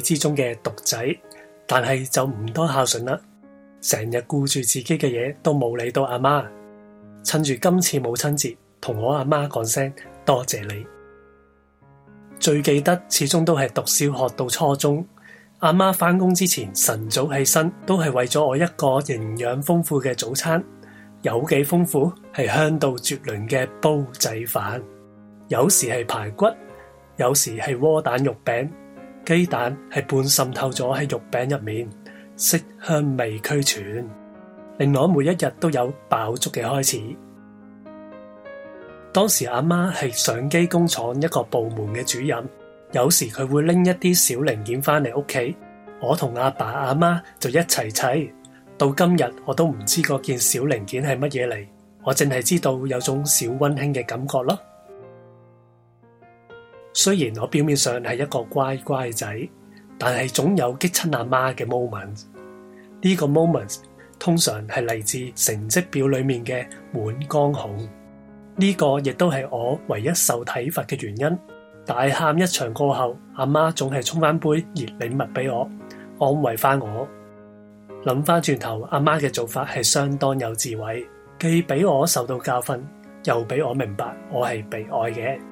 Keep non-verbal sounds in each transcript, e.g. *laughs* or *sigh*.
之中嘅獨仔，但係就唔多孝順啦，成日顧住自己嘅嘢，都冇理到阿媽。趁住今次母親節，同我阿媽講聲多謝你。最記得始終都係讀小學到初中，阿媽翻工之前晨早起身，都係為咗我一個營養豐富嘅早餐，有幾豐富係香到絕倫嘅煲仔飯，有時係排骨，有時係窩蛋肉餅。雞蛋係半滲透咗喺肉餅入面，色香味俱全，令我每一日都有飽足嘅開始。當時阿媽係相機工廠一個部門嘅主任，有時佢會拎一啲小零件返嚟屋企，我同阿爸阿媽就一齊砌。到今日我都唔知嗰件小零件係乜嘢嚟，我淨係知道有種小溫馨嘅感覺咯。雖然我表面上係一個乖乖仔，但係總有激親阿媽嘅 moment。呢個 moment 通常係嚟自成績表裏面嘅滿江紅。呢個亦都係我唯一受體罰嘅原因。大喊一場過後，阿媽總係沖翻杯熱禮物俾我，安慰翻我。諗翻轉頭，阿媽嘅做法係相當有智慧，既俾我受到教訓，又俾我明白我係被愛嘅。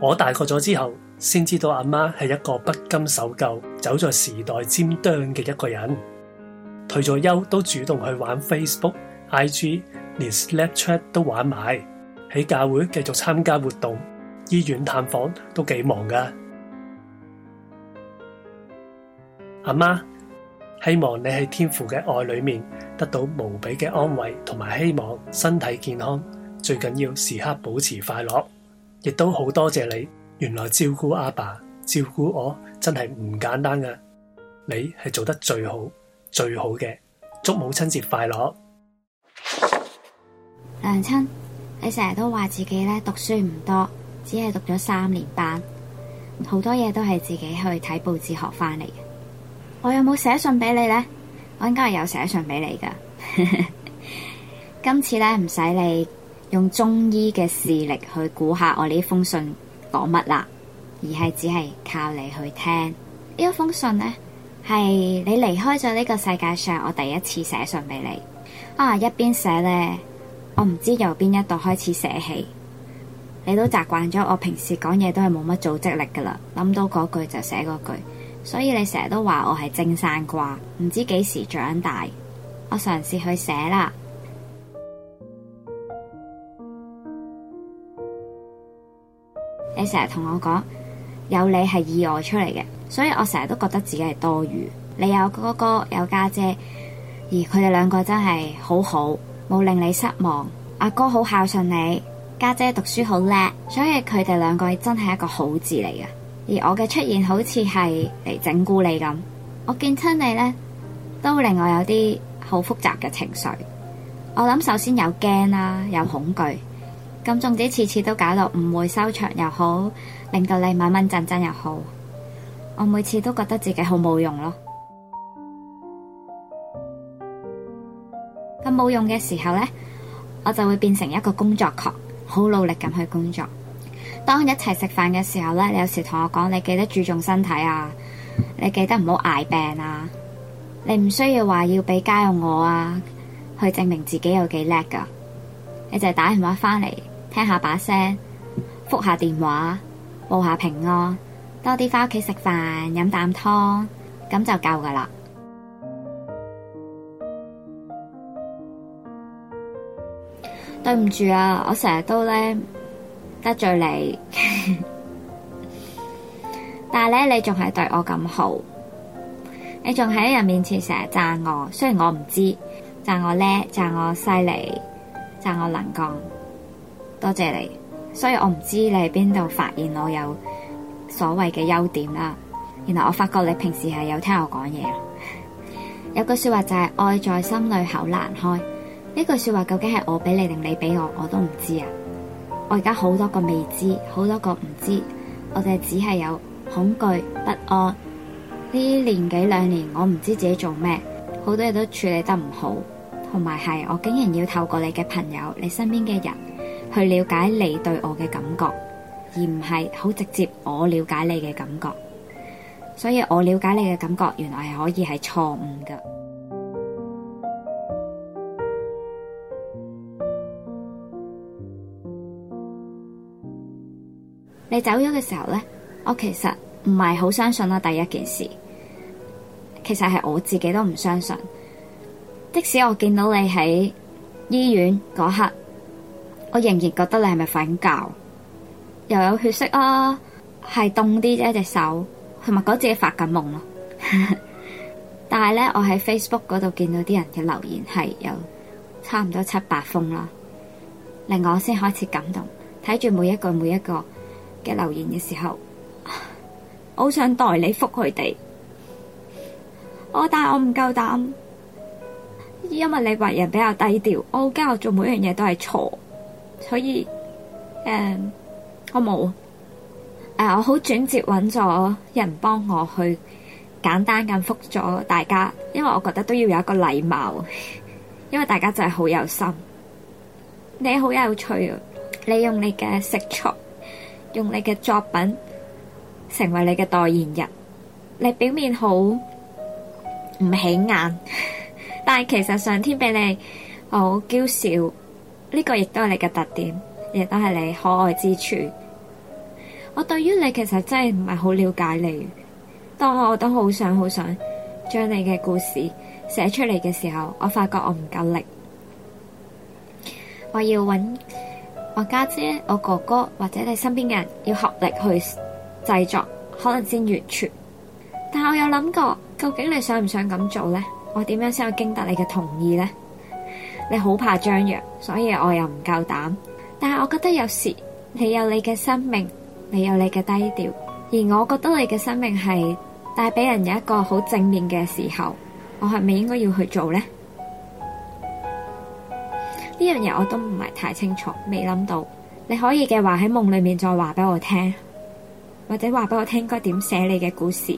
我大個咗之後，先知道阿媽係一個不甘守舊、走在時代尖端嘅一個人。退咗休都主動去玩 Facebook、IG，連 Snapchat 都玩埋。喺教會繼續參加活動，醫院探訪都幾忙噶。阿媽，希望你喺天父嘅愛裏面得到無比嘅安慰同埋希望，身體健康，最緊要時刻保持快樂。亦都好多謝你，原來照顧阿爸、照顧我真係唔簡單㗎，你係做得最好、最好嘅，祝母親節快樂。娘親，你成日都話自己咧讀書唔多，只係讀咗三年班，好多嘢都係自己去睇報紙學翻嚟嘅。我有冇寫信俾你呢？我應該係有寫信俾你噶。 *laughs* 今次咧唔使你。用中醫嘅視力去估下我呢封信講乜啦，而係只係靠你去聽呢一，這個，封信呢，係你離開咗呢個世界上，我第一次寫信俾你啊！一邊寫呢，我唔知由邊一度開始寫起，你都習慣咗我平時講嘢都係冇乜組織力噶啦，諗到嗰句就寫嗰句，所以你成日都話我係精生瓜，唔知幾時長大，我嘗試去寫啦。你成日同我講有你係意外出嚟嘅，所以我成日都覺得自己係多餘。你有哥哥有家姐，而佢哋兩個真係好好，冇令你失望。阿哥好孝順你，家姐讀書好叻，所以佢哋兩個真係一個好字嚟嘅。而我嘅出現好似係嚟整蠱你咁，我見親你呢，都令我有啲好複雜嘅情緒。我諗首先有驚啦，有恐懼。咁總之，次次都搞到唔會收場又好，令到你穩穩陣陣又好。我每次都覺得自己好冇用咯。咁冇用嘅時候咧，我就會變成一個工作狂，好努力咁去工作。當一齊食飯嘅時候咧，你有時同我講，你記得注重身體啊，你記得唔好捱病啊。你唔需要話要俾家用我啊，去證明自己有幾叻噶。你就係打電話翻嚟。聽下把聲，覆下電話，報下平安，多啲翻屋企食飯飲啖湯，咁就夠噶啦。 *music* 對唔住啊，我成日都咧得罪你， *laughs* 但係咧你仲係對我咁好，你仲喺人面前成日讚我，雖然我唔知讚我叻，讚我犀利，讚我能幹。多謝你，所以我唔知你喺邊度發現我有所謂嘅優點啦。原來我發覺你平時係有聽我講嘢，有句說話就係、是、愛在心裏口難開。呢句說話究竟係我俾你定你俾我，我都唔知啊。我而家好多個未知，好多個唔知，我哋只係有恐懼不安。呢年幾兩年，我唔知自己做咩，好多嘢都處理得唔好，同埋係我竟然要透過你嘅朋友，你身邊嘅人。去了解你對我嘅感覺，而唔係好直接我了解你嘅感覺。所以我了解你嘅感覺，原來係可以係錯誤㗎。 *music* 你走咗嘅時候呢，我其實唔係好相信啦。第一件事，其實係我自己都唔相信。即使我見到你喺醫院嗰刻。我仍然覺得你係咪瞓覺，又有血色啊，係凍啲啫。隻手同埋覺得自己發緊夢咯、啊。 *laughs* 但係呢，我喺 Facebook 嗰度見到啲人嘅留言係有差唔多七八封啦。令我先開始感動，睇住每一句、每一個嘅留言嘅時候，好 *laughs* 想代你覆佢哋。我但係我唔夠膽，因為你為人比較低調，我好驚我做每樣嘢都係錯。所以，誒、呃，我冇，誒、呃，我好轉折揾咗人幫我去簡單咁覆咗大家，因為我覺得都要有一個禮貌，因為大家真係好有心，你好有趣啊！你用你嘅食材，用你嘅作品成為你嘅代言人，你表面好唔起眼，但係其實上天畀你好嬌小。呢個亦都係你嘅特點，亦都係你可愛之處。我對於你其實真係唔係好了解你。當我都好想好想將你嘅故事寫出嚟嘅時候，我發覺我唔夠力。我要揾我家姐、我哥哥或者你身邊嘅人，要合力去製作，可能先完全。但我有諗過，究竟你想唔想咁做咧？我點樣先可以經得你嘅同意咧？你好怕張揚，所以我又唔夠膽。但係我覺得有時你有你嘅生命，你有你嘅低調，而我覺得你嘅生命係帶畀人有一個好正面嘅時候，我係咪應該要去做呢？呢 *music* 樣嘢我都唔係太清楚，未諗到你可以嘅話喺夢裏面再話畀我聽，或者話畀我聽應該點寫你嘅故事。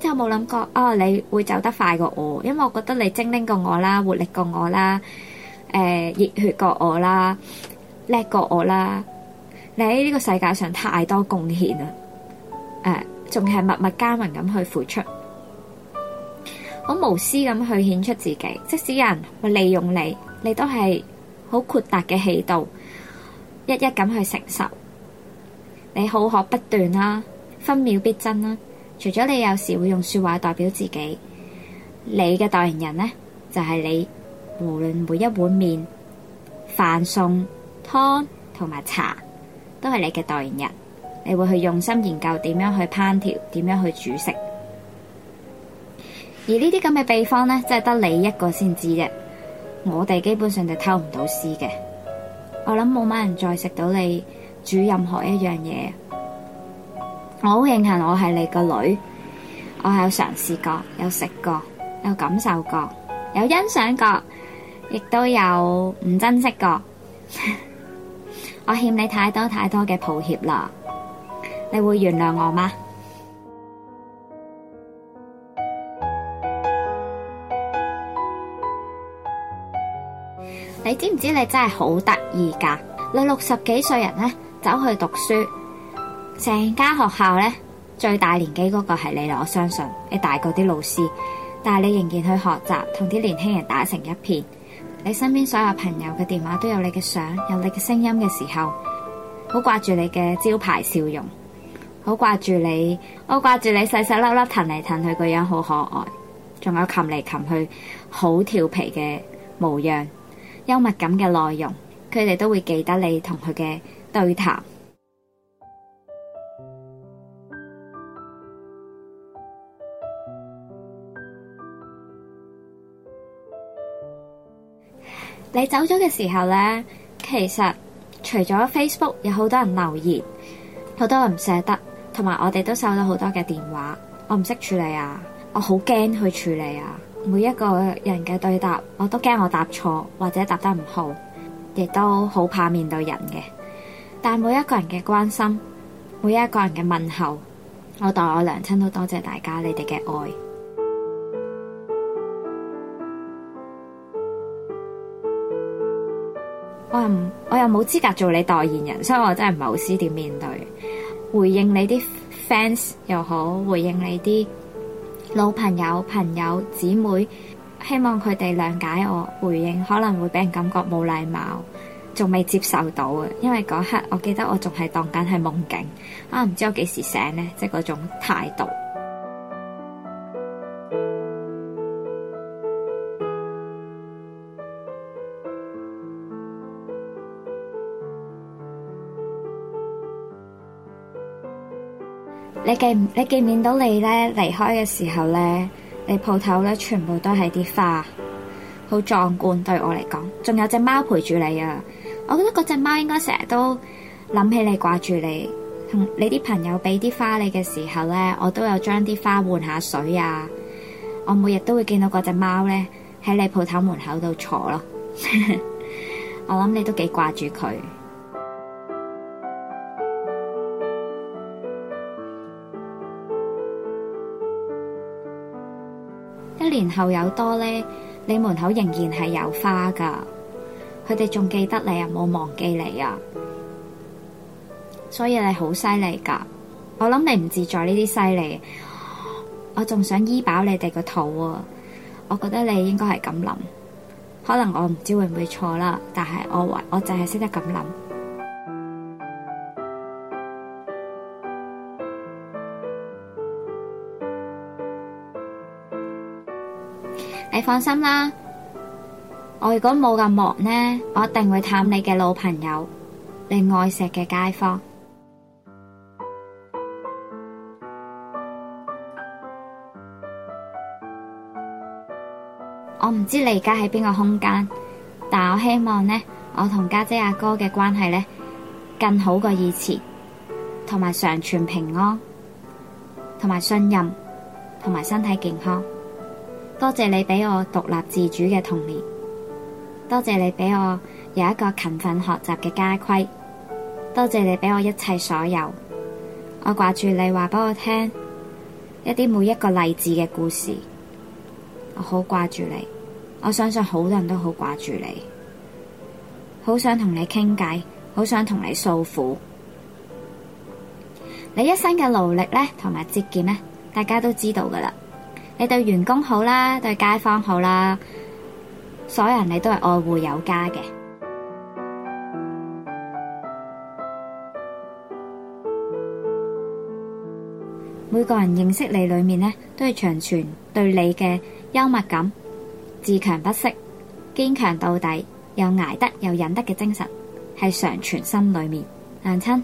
即係冇諗過，啊、哦，你會走得快過我，因為我覺得你精靈過我啦，活力過我啦，誒、呃，熱血過我啦，叻過我啦。你喺呢個世界上太多貢獻啦，誒、呃，仲係默默耕耘咁去付出，好無私咁去顯出自己。即使有人去利用你，你都係好豁達嘅氣度，一一咁去承受。你好學不斷啦，啊，分秒必爭啦，啊。除咗你有時會用說話代表自己，你嘅代言人呢，就係你。無論每一碗麵、飯、餸、湯同埋茶，都係你嘅代言人。你會去用心研究點樣去烹調，點樣去煮食。而呢啲咁嘅秘方呢，真係得你一個先知嘅。我哋基本上就偷唔到師嘅。我諗冇乜人再食到你煮任何一樣嘢。我好慶幸我係你個女，我有嘗試過，有食過，有感受過，有欣賞過，亦都有唔珍惜過。 *laughs* 我欠你太多太多嘅抱歉啦，你會原諒我嗎？ *music* 你知唔知你真係好得意㗎？你六十幾歲人呢，走去讀書。成間學校呢，最大年紀嗰個係你啦，我相信你大過啲老師，但係你仍然去學習，同啲年輕人打成一片。你身邊所有朋友嘅電話都有你嘅相，有你嘅聲音嘅時候，好掛住你嘅招牌笑容，好掛住你，好掛住你細細粒粒騰嚟騰去個樣好可愛，仲有擒嚟擒去好調皮嘅模樣，幽默感嘅內容，佢哋都會記得你同佢嘅對談。你走咗嘅時候呢，其實除咗 Facebook，有好多人留言，好多人唔捨得，同埋我哋都收到好多嘅電話，我唔識處理啊，我好驚去處理啊，每一個人嘅對答，我都驚我答錯或者答得唔好，亦都好怕面對人嘅。但每一個人嘅關心，每一個人嘅問候，我代我娘親都多謝大家你哋嘅愛。我唔，我又冇資格做你代言人，所以我真係唔係好知點面對回應你啲 fans 又好，回應你啲老朋友、朋友、姊妹，希望佢哋諒解我。回應可能會俾人感覺冇禮貌，仲未接受到嘅，因為嗰刻我記得我仲係當緊係夢境啊，可能唔知我幾時醒呢，即係嗰種態度。你記唔你見唔見到你咧，離開嘅時候咧，你鋪頭咧，全部都係啲花，好壯觀。對我嚟講，仲有隻貓陪住你啊！我覺得嗰隻貓應該成日都諗起你，掛住你。同你啲朋友俾啲花你嘅時候咧，我都有將啲花換下水啊！我每日都會見到嗰隻貓咧，喺你鋪頭門口度坐咯。 *laughs* 我諗你都幾掛住佢。然後有多呢，你門口仍然係有花噶，佢哋仲記得你，有冇忘記你啊？所以你好犀利噶，我諗你唔自在呢啲犀利，我仲想醫飽你哋個肚啊！我覺得你應該係咁諗，可能我唔知會唔會錯啦，但係我我就係識得咁諗。放心啦，我如果冇咁忙呢，我一定會探你嘅老朋友，你愛錫嘅街坊。 *music* 我唔知你而家喺邊個空間，但我希望呢，我同家姐阿哥嘅關係呢，更好過以前，同埋常存平安，同埋信任，同埋身體健康。多謝你畀我獨立自主嘅童年，多謝你畀我有一個勤奮學習嘅家規，多謝你畀我一切所有。我掛住你話畀我聽一啲每一個勵志嘅故事，我好掛住你。我相信好多人都好掛住你，好想同你傾偈，好想同你訴苦。你一生嘅努力咧，同埋節儉咧，大家都知道㗎喇。你對員工好啦，對街坊好啦，所有人你都係愛護有加嘅。 *music* 每個人認識你裏面呢，都係長存對你嘅幽默感、自強不息、堅強到底又捱得又忍得嘅精神，係常存心裏面。娘親，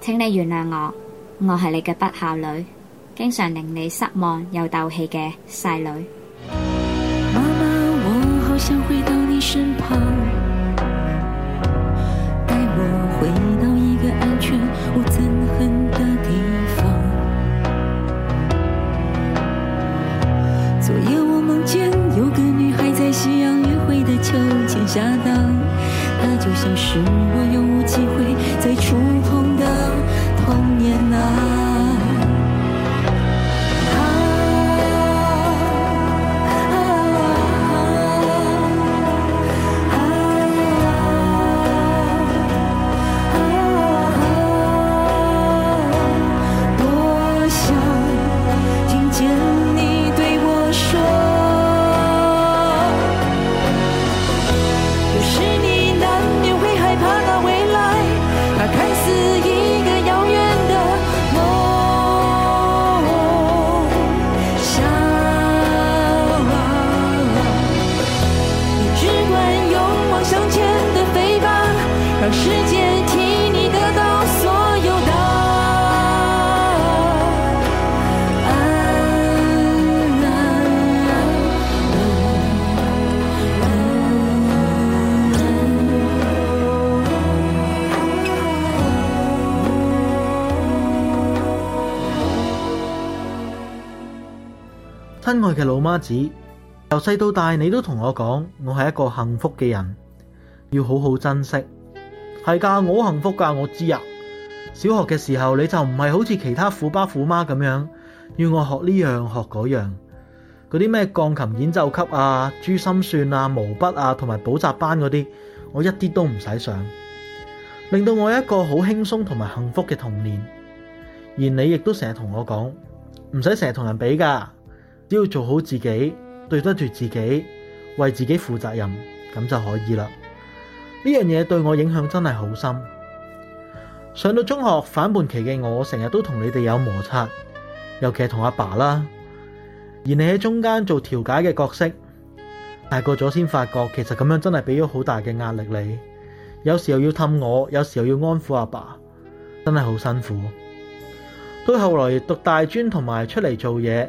請你原諒我，我係你嘅不孝女。經常令你失望又鬥氣嘅細女。媽媽，我好想回到你身旁，帶我回到一個安全、無憎恨嘅地方。昨夜我夢見有個女孩在夕陽的秋千下，她就像是親愛嘅老媽子，由細到大，你都同我講，我係一個幸福嘅人，要好好珍惜。係噶，我幸福噶，我知啊。小學嘅時候，你就唔係好似其他虎爸虎媽咁樣，要我學呢樣學嗰樣，嗰啲咩鋼琴演奏級啊、珠心算啊、毛筆啊，同埋補習班嗰啲，我一啲都唔使上，令到我一個好輕鬆同埋幸福嘅童年。而你亦都成日同我講，唔使成日同人比噶。只要做好自己，對得住自己，為自己負責任，咁就可以啦。呢樣嘢對我影響真係好深。上到中學反叛期嘅我，成日都同你哋有摩擦，尤其係同阿爸啦。而你喺中間做調解嘅角色，大個咗先發覺，其實咁樣真係俾咗好大嘅壓力你。有時候要氹我，有時候要安撫阿爸，真係好辛苦。到後來讀大專同埋出嚟做嘢。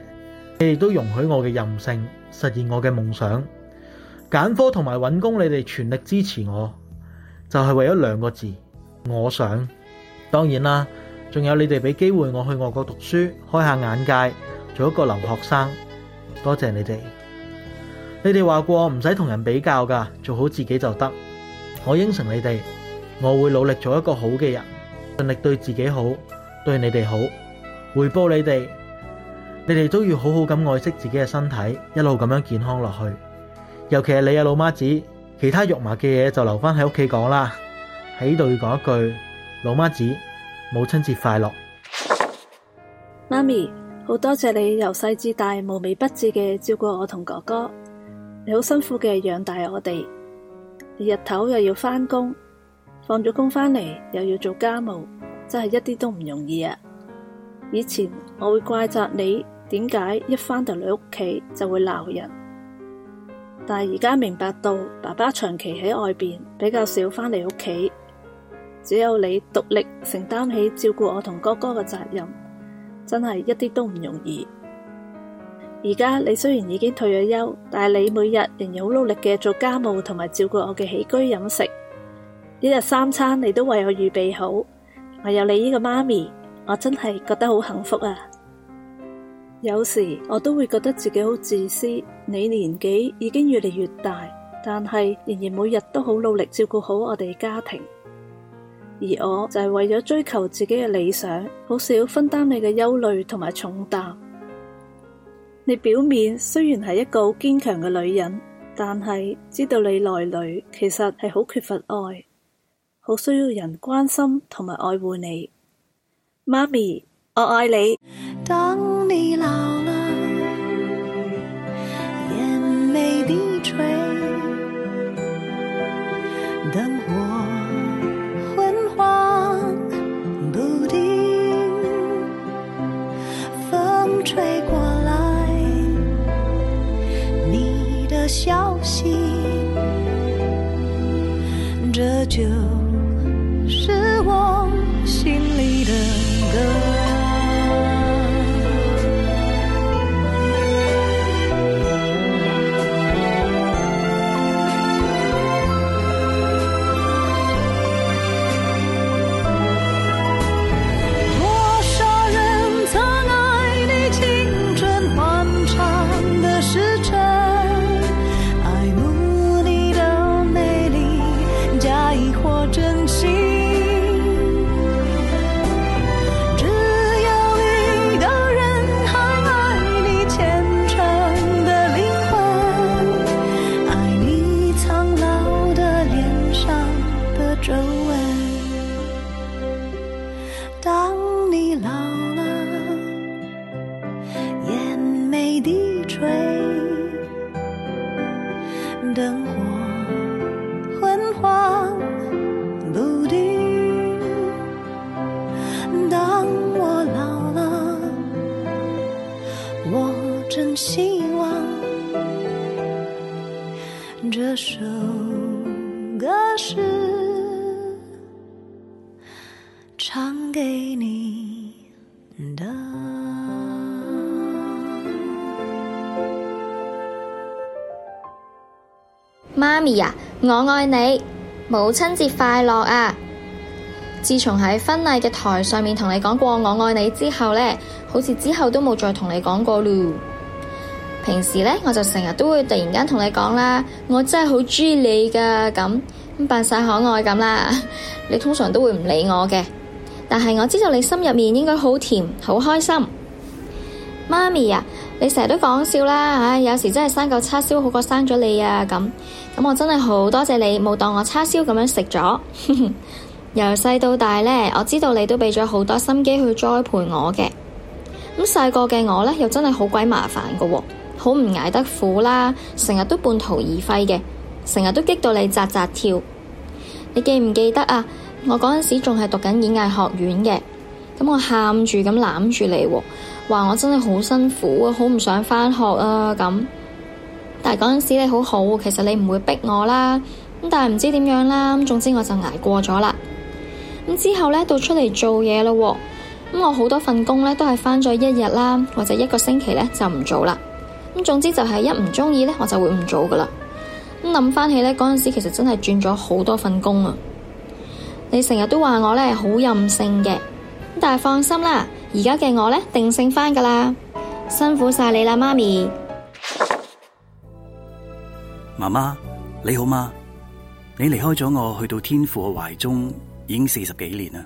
你哋都容許我嘅任性，實現我嘅夢想。揀科同埋揾工，你哋全力支持我，就係為咗兩個字，我想。當然啦，仲有你哋俾機會我去外國讀書，開下眼界，做一個留學生。多謝你哋。你哋話過唔使同人比較噶，做好自己就得。我應承你哋，我會努力做一個好嘅人，盡力對自己好，對你哋好，回報你哋。你哋都要好好咁愛惜自己嘅身體，一路咁樣健康落去。尤其係你嘅、啊、老媽子，其他肉麻嘅嘢就留翻喺屋企講啦。喺度要講一句，老媽子，母親節快樂。媽咪，好多謝你由細至大無微不至嘅照顧我同哥哥，你好辛苦嘅養大我哋。日頭又要翻工，放咗工翻嚟又要做家務，真係一啲都唔容易啊！以前我會怪責你。點解一翻到你屋企就會鬧人？但係而家明白到，爸爸長期喺外邊，比較少翻嚟屋企。只有你獨力承擔起照顧我同哥哥嘅責任，真係一啲都唔容易。而家你雖然已經退咗休，但係你每日仍然好努力嘅做家務同埋照顧我嘅起居飲食，一日三餐你都為我預備好。我有你呢個媽咪，我真係覺得好幸福啊！有時我都會覺得自己好自私。你年紀已經越嚟越大，但係仍然每日都好努力照顧好我哋家庭。而我就係為咗追求自己嘅理想，好少分擔你嘅憂慮同埋重擔。你表面雖然係一個好堅強嘅女人，但係知道你內裏其實係好缺乏愛，好需要人關心同埋愛護你，媽咪。我愛你。當你老了，眼眉低垂，燈火昏黃不定，風吹過來，你的消息，這就。媽咪啊，我愛你，母親節快樂啊！自從喺婚禮嘅台上面同你講過我愛你之後呢，好似之後都冇再同你講過咯。平時呢，我就成日都會突然間同你講啦，我真係好中意你噶咁咁扮晒可愛咁啦。你通常都會唔理我嘅，但係我知道你心入面應該好甜好開心。媽咪啊，你成日都講笑啦，唉，有時真係生個叉燒好過生咗你啊咁。咁我真係好多謝你，冇當我叉燒咁樣食咗。 *laughs* 由細到大咧，我知道你都畀咗好多心機去栽培我嘅。咁細個嘅我咧，又真係好鬼麻煩噶，好唔捱得苦啦，成日都半途而廢嘅，成日都激到你扎扎跳。你記唔記得啊？我嗰陣時仲係讀緊演藝學院嘅，咁我喊住咁攬住你，話我真係好辛苦啊，好唔想返學啊咁。但係嗰陣時你好好，其實你唔會逼我啦。但係唔知點樣啦，咁總之我就捱過咗啦。之後咧到出嚟做嘢咯。咁我好多份工咧都係返咗一日啦，或者一個星期咧就唔做啦。咁總之就係一唔中意咧，我就會唔做噶啦。咁諗返起咧，嗰陣時其實真係轉咗好多份工啊。你成日都話我咧係好任性嘅，但係放心啦，而家嘅我咧定性返噶啦。辛苦晒你啦，媽咪。媽媽，你好嗎？你離開咗我去到天父嘅懷中已經四十幾年啦，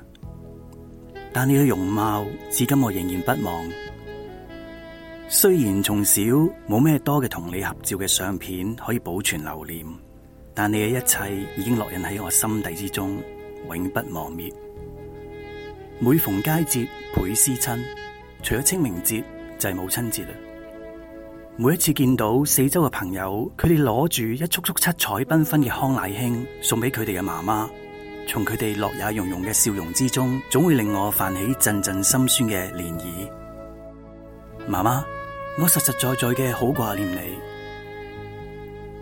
但你嘅容貌至今我仍然不忘。雖然從小冇咩多嘅同你合照嘅相片可以保存留念，但你嘅一切已經烙印喺我心底之中，永不磨滅。每逢佳節倍思親，除咗清明節就係母親節啦。每一次見到四周嘅朋友，佢哋攞住一束束七彩繽紛嘅康乃馨送俾佢哋嘅媽媽，從佢哋樂也融融嘅笑容之中，總會令我泛起陣陣心酸嘅漣漪。媽媽，我實實在在嘅好掛念你，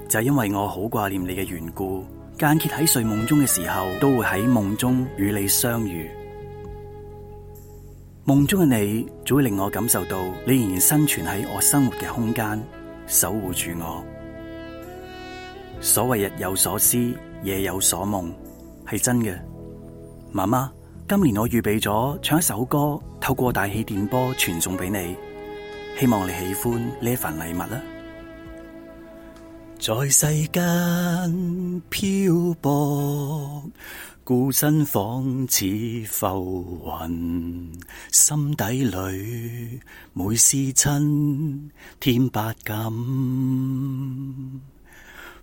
就係因為我好掛念你嘅緣故，間歇喺睡夢中嘅時候，都會喺夢中與你相遇。夢中嘅你，總會令我感受到你仍然生存喺我生活嘅空間，守護住我。所謂日有所思，夜有所夢，係真嘅。媽媽，今年我預備咗唱一首歌，透過大氣電波傳送俾你，希望你喜歡呢份禮物啦。在世間漂泊。孤身仿似浮雲，心底裏每思親添百感。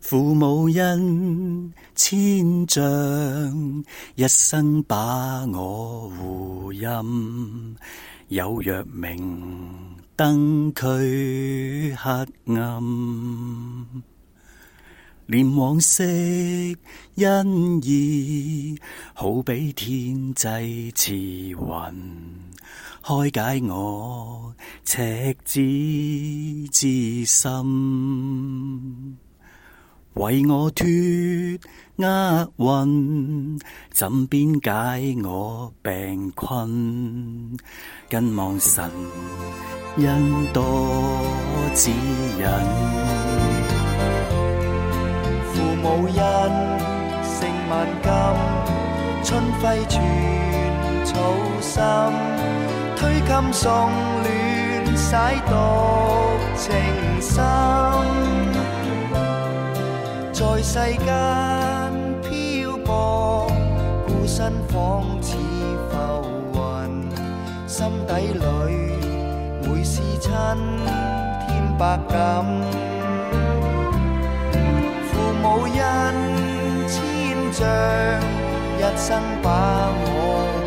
父母恩千丈，一生把我護蔭。有若明燈驅黑暗。念往昔恩義，好比天際慈雲，開解我赤子之心，為我脫厄運，怎邊解我病困，更望神恩多指引。無因勝萬金，春暉寸草心，推衾送暖洗獨情深。 *noise* 在世間漂泊，孤身仿似浮雲，心底裏每思親添百感。一生把我。